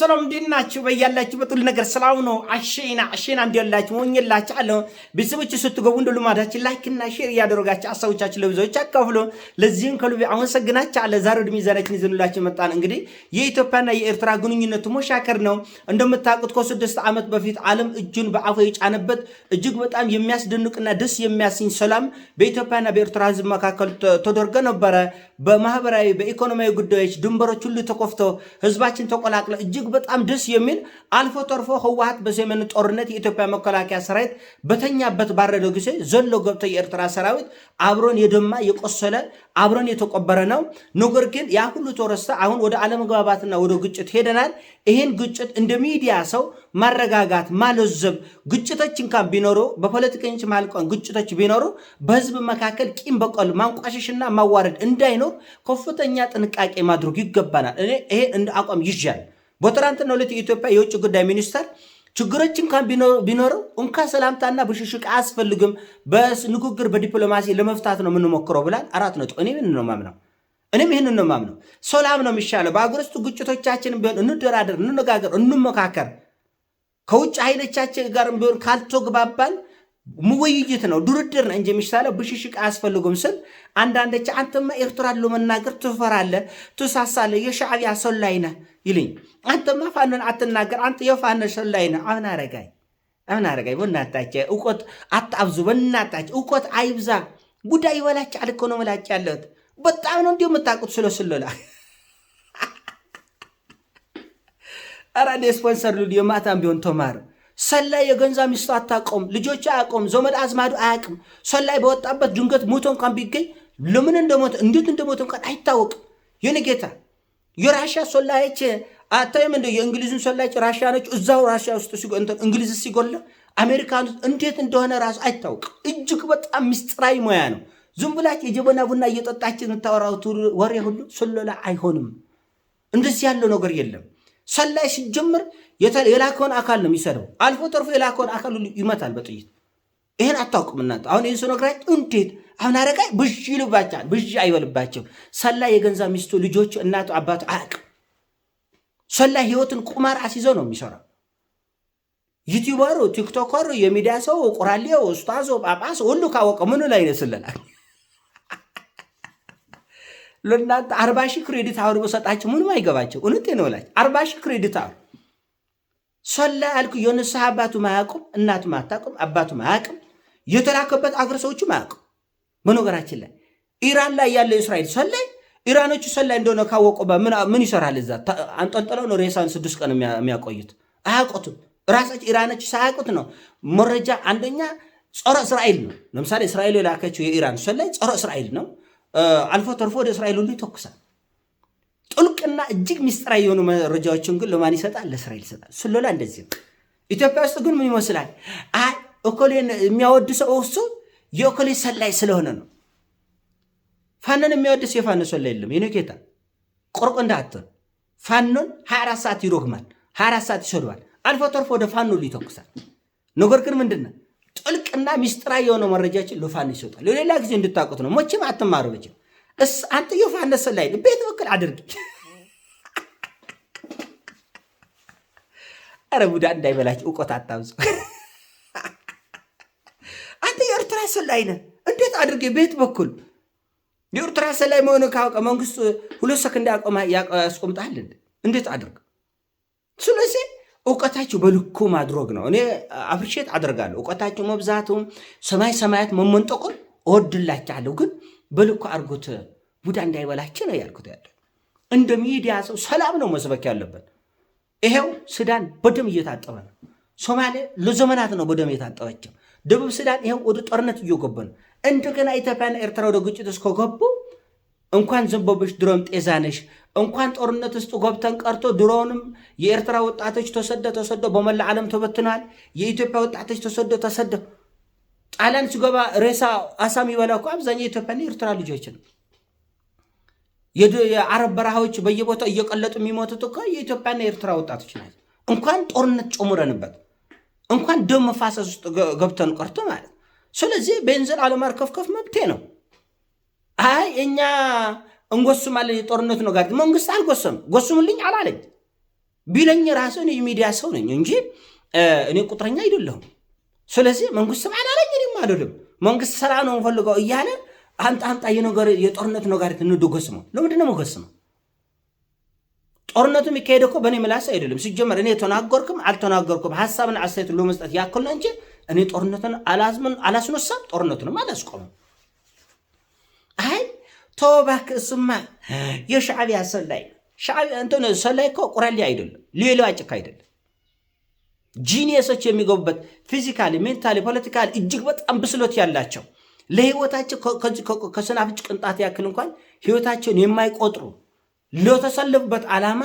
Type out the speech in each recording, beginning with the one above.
ሰላም እንዴት ናችሁ? በያላችሁበት ሁሉ ነገር ሰላም ነው። አሸና አሸና እንዲላችሁ ወኝላችሁ አለ ቤተሰቦች ስትገቡ እንደ ልማዳችን ላይክ እና ሼር እያደረጋችሁ ሀሳቦቻችሁ ለብዙዎች አካፍሉ። ለዚህም ከልቤ አመሰግናችሁ አለ። ዛሬ ወደ ሚዛናችን ይዘንላችሁ መጣን። እንግዲህ የኢትዮጵያና የኤርትራ ግንኙነቱ መሻከር ነው። እንደምታውቁት ከስድስት ዓመት በፊት ዓለም እጁን በአፉ የጫነበት እጅግ በጣም የሚያስደንቅና ደስ የሚያሰኝ ሰላም በኢትዮጵያና በኤርትራ ሕዝብ መካከል ተደርገ ነበረ። በማህበራዊ በኢኮኖሚያዊ ጉዳዮች ድንበሮች ሁሉ ተቆፍተው ሕዝባችን ተቆላቅለ እጅግ እጅግ በጣም ደስ የሚል አልፎ ተርፎ ህወሀት በሰሜኑ ጦርነት የኢትዮጵያ መከላከያ ሰራዊት በተኛበት ባረደው ጊዜ ዘሎ ገብተ የኤርትራ ሰራዊት አብሮን የደማ የቆሰለ አብሮን የተቆበረ ነው። ነገር ግን ያ ሁሉ ተረስተ አሁን ወደ አለመግባባትና ወደ ግጭት ሄደናል። ይህን ግጭት እንደ ሚዲያ ሰው ማረጋጋት ማለዘብ፣ ግጭቶች እንኳን ቢኖሩ በፖለቲከኞች ማልቀን ግጭቶች ቢኖሩ በህዝብ መካከል ቂም በቀል ማንቋሸሽና ማዋረድ እንዳይኖር ከፍተኛ ጥንቃቄ ማድረግ ይገባናል። እኔ ይሄ እንደ አቋም ይዣል። በትናንትና ዕለት የኢትዮጵያ የውጭ ጉዳይ ሚኒስተር ችግሮች እንኳን ቢኖረው እንኳ ሰላምታና ብሽሽቅ አያስፈልግም፣ በንግግር በዲፕሎማሲ ለመፍታት ነው የምንሞክረው ብላል። አራት ነጥብ። እኔ ምን ነው ማምነው እኔም ይህን ነው ማምነው። ሰላም ነው የሚሻለው። በአገር ውስጥ ግጭቶቻችን ቢሆን እንደራደር፣ እንነጋገር፣ እንመካከር። ከውጭ ኃይሎቻችን ጋር ቢሆን ካልተግባባል ውይይት ነው ድርድር ነው እንጂ የሚሻለው ብሽሽቅ አያስፈልጉም ስል አንዳንደች አንተማ ኤርትራን ለመናገር ትፈራለህ፣ ትሳሳለህ፣ የሻዕቢያ ሰላይ ነህ ይልኝ አንተማ ፋኖን አትናገር። አንተ የፋኖ ሸላይ ነው። አሁን አረጋይ አሁን አረጋይ በእናታቸው እውቀት አታብዙ። በእናታቸው እውቀት አይብዛ። ጉዳይ ይበላች አልኮ ነው መላጭ ያለሁት በጣም ነው እንዲሁ የምታውቁት ስለ ስለላ አራዴ ስፖንሰር ሉዲዮ ማታም ቢሆን ተማር ሰላይ የገንዛ ሚስቱ አታቆም፣ ልጆች አያቆም፣ ዘመድ አዝማዱ አያቅም። ሰላይ በወጣበት ድንገት ሞቶ እንኳን ቢገኝ ለምን እንደሞት እንዴት እንደሞት እንኳን አይታወቅም። የኔ ጌታ የራሻ ሰላዮች አታይም እንደ የእንግሊዝን ሰላጭ ራሽያ ነች። እዛው ራሽያ ውስጥ እንግሊዝ ሲጎላ አሜሪካን እንዴት እንደሆነ ራሱ አይታወቅም። እጅግ በጣም ምስጢራዊ ሙያ ነው። ዝም ብላች የጀበና ቡና እየጠጣች የምታወራው ወሬ ሁሉ ስለላ አይሆንም። እንደዚህ ያለው ነገር የለም። ሰላይ ሲጀምር የላከውን አካል ነው የሚሰደው። አልፎ ተርፎ የላከውን አካል ሁሉ ይመታል በጥይት። ይህን አታውቅም እናንተ። አሁን ይህን ስነግራችሁ እንዴት አሁን አረቃይ ብዥ ይልባቸዋል። ብዥ አይበልባቸው። ሰላይ የገንዛ ሚስቱ ልጆች፣ እናቱ፣ አባቱ አያውቅም። ሰላ ህይወትን ቁማር አስይዞ ነው የሚሰራው። ዩቲዩበሩ፣ ቲክቶከሩ፣ የሚዲያ ሰው፣ ቁራሌው፣ ኡስታዞ፣ ጳጳስ ሁሉ ካወቀ ምኑ ላይ ስለላ ለእናንተ አርባ ሺህ ክሬዲት አውር በሰጣቸው ምንም አይገባቸው። እውነት ነው ላችሁ አርባ ሺህ ክሬዲት አውር ሰላ ያልኩ የንስሐ አባቱ ማያቁም እናቱ ማታቁም፣ አባቱ ማያቅም የተላከበት አገር ሰዎቹ ማያቁም። በነገራችን ላይ ኢራን ላይ ያለው እስራኤል ሰላይ ኢራኖቹ ሰላይ እንደሆነ ካወቁ ምን ይሰራል? እዛ አንጠልጥለው ነው ሬሳን ስድስት ቀን የሚያቆዩት። አያውቁትም። ራሳቸው ኢራኖች ሳያውቁት ነው መረጃ። አንደኛ ጸረ እስራኤል ነው። ለምሳሌ እስራኤል የላከችው የኢራን ሰላይ ጸረ እስራኤል ነው። አልፎ ተርፎ ወደ እስራኤል ሁሉ ይተኩሳል። ጥልቅና እጅግ ሚስጥራዊ የሆኑ መረጃዎችን ግን ለማን ይሰጣል? ለእስራኤል ይሰጣል። ስለላ እንደዚህ ነው። ኢትዮጵያ ውስጥ ግን ምን ይመስላል? አይ እኮሌን የሚያወድ ሰው እሱ የእኮሌ ሰላይ ስለሆነ ነው ፋኖን የሚያወድስ የፋኖ ሰላ የለም። የኔ ቆርቆ እንዳት ፋኖን 24 ሰዓት ይሮግማል፣ 24 ሰዓት ይሰድባል፣ አልፎ ተርፎ ወደ ፋኖ ይተኩሳል። ነገር ግን ምንድነ ጥልቅና ሚስጥራ የሆነ መረጃችን ለፋኖ ይሰጣል። ለሌላ ጊዜ እንድታውቁት ነው። ሞቼም አትማሩ ብቻ እስ አንተ የፋኖ ሰላ የለም ቤት ወክል አድርግ አረ ቡዳ እንዳይበላች እውቀት አታብዙ። አንተ የኤርትራ ሰላይ ነህ እንዴት አድርጌ ቤት በኩል የኤርትራ ሰላይ መሆኑ ካወቀ መንግስቱ ሁለት ሰከንድ ያስቆምጣል። እንዴት አድርግ። ስለዚህ እውቀታቸው በልኩ ማድረግ ነው። እኔ አፕሪሼት አደርጋለሁ። እውቀታቸው መብዛቱም ሰማይ ሰማያት መመንጠቁን እወድላችኋለሁ። ግን በልኩ አድርጎት ቡዳ እንዳይበላችሁ ነው ያልኩት። ያለ እንደ ሚዲያ ሰው ሰላም ነው መስበክ ያለበት ይሄው ሱዳን በደም እየታጠበ ነው። ሶማሌ ለዘመናት ነው በደም እየታጠበቸው ደቡብ ሱዳን ይሄው ወደ ጦርነት እየጎበ ነው። እንደገና ኢትዮጵያና ኤርትራ ወደ ግጭት ውስጥ ከገቡ እንኳን ዘንቦብሽ ድሮም ጤዛነሽ እንኳን ጦርነት ውስጥ ገብተን ቀርቶ ድሮውንም የኤርትራ ወጣቶች ተሰደ ተሰዶ በመላ ዓለም ተበትነዋል። የኢትዮጵያ ወጣቶች ተሰዶ ተሰደ ጣሊያን ሲገባ ሬሳ አሳ የሚበላ እኮ አብዛኛው ኢትዮጵያና የኤርትራ ልጆች ነው። የአረብ በረሃዎች በየቦታው እየቀለጡ የሚሞቱት እኮ የኢትዮጵያና የኤርትራ ወጣቶች ናቸው። እንኳን ጦርነት ጨምረንበት እንኳን ደም መፋሰስ ውስጥ ገብተን ቀርቶ ማለት ስለዚህ ቤንዝን አለማርከፍከፍ መብቴ ነው። አይ እኛ እንጎስማለን የጦርነቱ ነው ጋር መንግስት አልጎሰም ጎስሙልኝ አላለኝ ቢለኝ ራሱ የሚዲያ ሰው ነኝ እንጂ እኔ ቁጥረኛ አይደለሁም። ስለዚህ መንግስትም አላለኝ እኔም አልልም። መንግስት ስራ ነው እንፈልገው እያለ አንጣ አንጣ የነገር የጦርነት ነጋሪት እንደጎስመው ለምንድን ነው መጎስመው? ጦርነቱ የሚካሄድ እኮ በእኔ ምላስ አይደለም። ሲጀመር እኔ የተናገርኩም አልተናገርኩም ሀሳብን አስተያየት ለመስጠት ያክል ነው እንጂ እኔ ጦርነትን አላስነሳም፣ ጦርነቱንም አላስቆምም። አይ ተው እባክህ፣ እሱማ የሻዕቢያ ሰላይ እንትን ሰላይ እኮ ቁራሌ አይደለም፣ ሌላ ጭካ አይደለም። ጂኒየሶች የሚገቡበት ፊዚካሊ፣ ሜንታሊ፣ ፖለቲካሊ እጅግ በጣም ብስሎት ያላቸው ለህይወታቸው ከሰናፍጭ ቅንጣት ያክል እንኳን ህይወታቸውን የማይቆጥሩ ለተሰለፉበት ዓላማ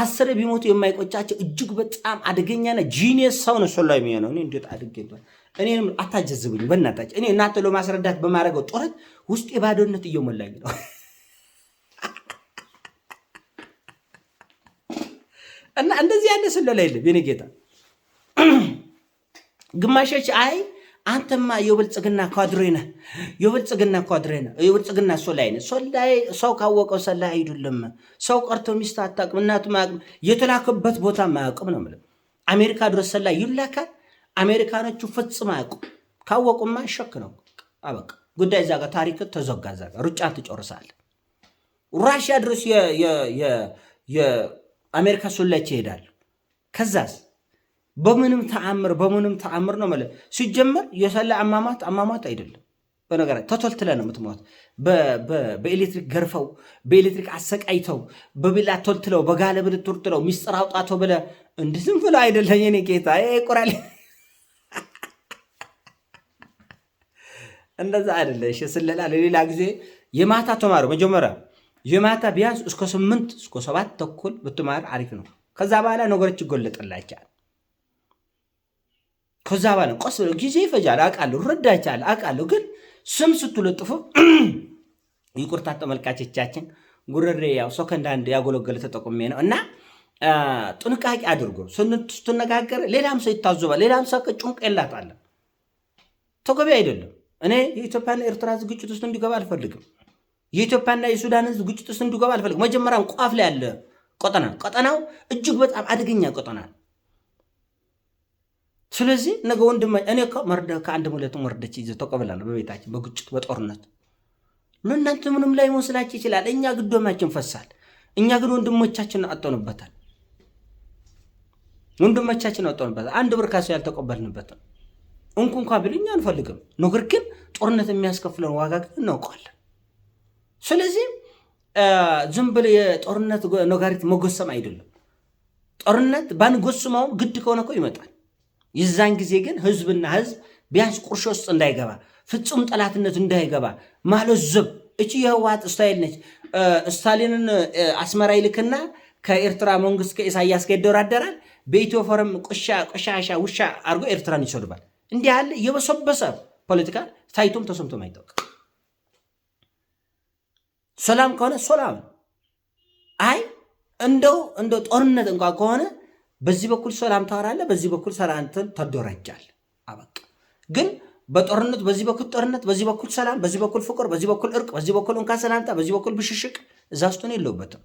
አስር ቢሞቱ የማይቆጫቸው እጅግ በጣም አደገኛና ጂኒየስ ሰው ነው ሶላ የሚሆነው። እኔ እንዴት አድርጌ እኔንም አታጀዝብኝ በእናታችሁ። እኔ እናንተ ለማስረዳት በማድረገው ጦረት ውስጥ የባዶነት እየሞላኝ ነው እና እንደዚህ ያለ ስለላ የለም የኔ ጌታ ግማሾች አይ አንተማ የብልጽግና ኳድሬ ነህ፣ የብልጽግና ኳድሬ ነህ፣ የብልጽግና ሶላይ ነህ። ሶላይ ሰው ካወቀው ሰላይ አይደለም። ሰው ቀርቶ ሚስት አታውቅም፣ እናቱ ማያውቅም፣ የተላከበት ቦታ ማያውቅም ነው የምልህ። አሜሪካ ድረስ ሰላይ ይላካል። አሜሪካኖቹ ፍጽም አያውቁም። ካወቁማ ሸክ ነው። አበቃ ጉዳይ እዛ ጋር ታሪክ ተዘጋ። እዛ ጋር ሩጫ ትጨርሳለህ። ራሽያ ድረስ የአሜሪካ ሶላይ ይሄዳል። ከዛስ በምንም ተአምር በምንም ተአምር ነው ማለት ሲጀመር የሰላ አማማት አማማት አይደለም። በነገራ ተቶልትለ ነው የምትሞት። በኤሌክትሪክ ገርፈው በኤሌክትሪክ አሰቃይተው በቢላ ቶልትለው በጋለ ብልት ቶልትለው ሚስጥር አውጣቶ ብለ እንድዝም ዝም ብሎ አይደለም። የኔ ጌታ ቁራል እንደዛ አይደለ። ስለላ ለሌላ ጊዜ የማታ ተማሩ። መጀመሪያ የማታ ቢያንስ እስከ ስምንት እስከ ሰባት ተኩል ብትማር አሪፍ ነው። ከዛ በኋላ ነገሮች ይጎለጥላቸል። ከዛ ባለ ቆስ ብለው ጊዜ ይፈጃል አውቃለሁ፣ ረዳቻለሁ አውቃለሁ። ግን ስም ስትለጥፉ ይቁርታ ተመልካቾቻችን፣ ጉረሬ ያው ሰከንድ አንድ ያጎለገለ ተጠቁሜ ነው እና ጥንቃቄ አድርጎ ስትነጋገር ሌላም ሰው ይታዘባል። ሌላም ሰው ጭንቅ የላታለ ተገቢ አይደለም። እኔ የኢትዮጵያና ኤርትራ ህዝብ ግጭት ውስጥ እንዲገባ አልፈልግም። የኢትዮጵያና የሱዳን ህዝብ ግጭት ውስጥ እንዲገባ አልፈልግም። መጀመሪያም ቋፍ ላይ ያለ ቀጠና ቀጠናው እጅግ በጣም አደገኛ ቀጠና ስለዚህ ነገ ወንድማ እኔ መርደ ከአንድ ሁለት ወርደች ይዘ ተቀበላለሁ በቤታችን በግጭት በጦርነት ለእናንተ ምንም ላይ መስላችሁ ይችላል። እኛ ግን ደማችን ፈሳል። እኛ ግን ወንድሞቻችን አጠኑበታል። ወንድሞቻችን አጠኑበታል። አንድ ብር ካሰው ያልተቀበልንበት እንኩ እንኳ ብል እኛ አንፈልግም። ነገር ግን ጦርነት የሚያስከፍለን ዋጋ ግን እናውቀዋለን። ስለዚህ ዝም ብለህ የጦርነት ነጋሪት መጎሰም አይደለም። ጦርነት ባንጎስመውም ግድ ከሆነ እኮ ይመጣል። የዛን ጊዜ ግን ህዝብና ህዝብ ቢያንስ ቁርሾ ውስጥ እንዳይገባ ፍጹም ጠላትነት እንዳይገባ ማለዘብ እቺ የህወሓት ስታይል ነች። ስታሊንን አስመራ ይልክና ከኤርትራ መንግስት ከኢሳያስ ጋር ይደራደራል። በኢትዮ ፎረም ቆሻሻ ውሻ አድርጎ ኤርትራን ይሰድባል። እንዲህ ያለ የበሰበሰ ፖለቲካ ታይቶም ተሰምቶም አይታወቅም። ሰላም ከሆነ ሰላም አይ እንደው እንደው ጦርነት እንኳ ከሆነ በዚህ በኩል ሰላም ታወራለህ፣ በዚህ በኩል ሰላምትን ተደረጃል። አበቃ። ግን በጦርነት በዚህ በኩል ጦርነት፣ በዚህ በኩል ሰላም፣ በዚህ በኩል ፍቅር፣ በዚህ በኩል እርቅ፣ በዚህ በኩል እንካ ሰላምታ፣ በዚህ በኩል ብሽሽቅ፣ እዛ ስቱን የለውበትም።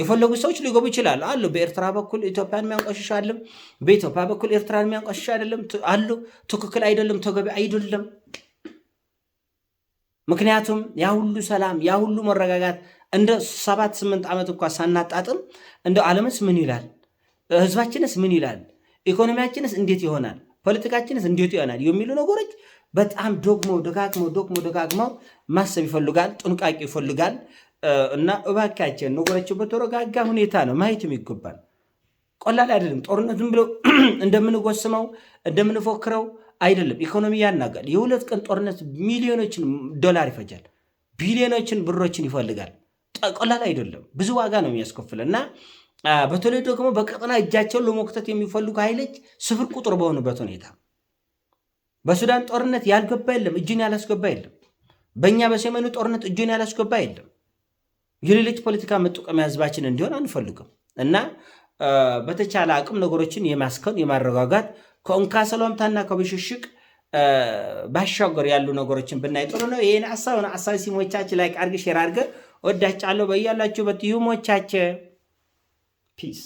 የፈለጉ ሰዎች ሊገቡ ይችላሉ አሉ። በኤርትራ በኩል ኢትዮጵያን የሚያንቋሽሽ አለም፣ በኢትዮጵያ በኩል ኤርትራን የሚያንቋሽሽ አይደለም አሉ። ትክክል አይደለም፣ ተገቢ አይደለም። ምክንያቱም ያ ሁሉ ሰላም ያ ሁሉ መረጋጋት እንደ ሰባት ስምንት ዓመት እንኳ ሳናጣጥም እንደ ዓለምስ ምን ይላል፣ ህዝባችንስ ምን ይላል፣ ኢኮኖሚያችንስ እንዴት ይሆናል፣ ፖለቲካችንስ እንዴት ይሆናል የሚሉ ነገሮች በጣም ደግሞ ደጋግመው ደግሞ ደጋግመው ማሰብ ይፈልጋል፣ ጥንቃቄ ይፈልጋል። እና እባካችን ነገሮችን በተረጋጋ ሁኔታ ነው ማየትም ይገባል። ቀላል አይደለም ጦርነት ዝም እንደምንጎስመው እንደምንፎክረው አይደለም፣ ኢኮኖሚ ያናጋል። የሁለት ቀን ጦርነት ሚሊዮኖችን ዶላር ይፈጃል፣ ቢሊዮኖችን ብሮችን ይፈልጋል። ቀላል አይደለም፣ ብዙ ዋጋ ነው የሚያስከፍል እና በተለይ ደግሞ በቀጠና እጃቸውን ለመክተት የሚፈልጉ ኃይሎች ስፍር ቁጥር በሆኑበት ሁኔታ በሱዳን ጦርነት ያልገባ የለም፣ እጁን ያላስገባ የለም። በእኛ በሰሜኑ ጦርነት እጁን ያላስገባ የለም። የሌሎች ፖለቲካ መጠቀሚያ ህዝባችን እንዲሆን አንፈልግም እና በተቻለ አቅም ነገሮችን የማስከን የማረጋጋት ከኡንካ ሰሎምታና ከብሽሽቅ ባሻገር ያሉ ነገሮችን ብናይ ጥሩ ነው። ይህን አሳብ ነው አሳብ ሲሞቻች ላይ አርግ ሼር አድርገ ወዳጫለሁ በያላችሁበት ይሁሞቻቸ ፒስ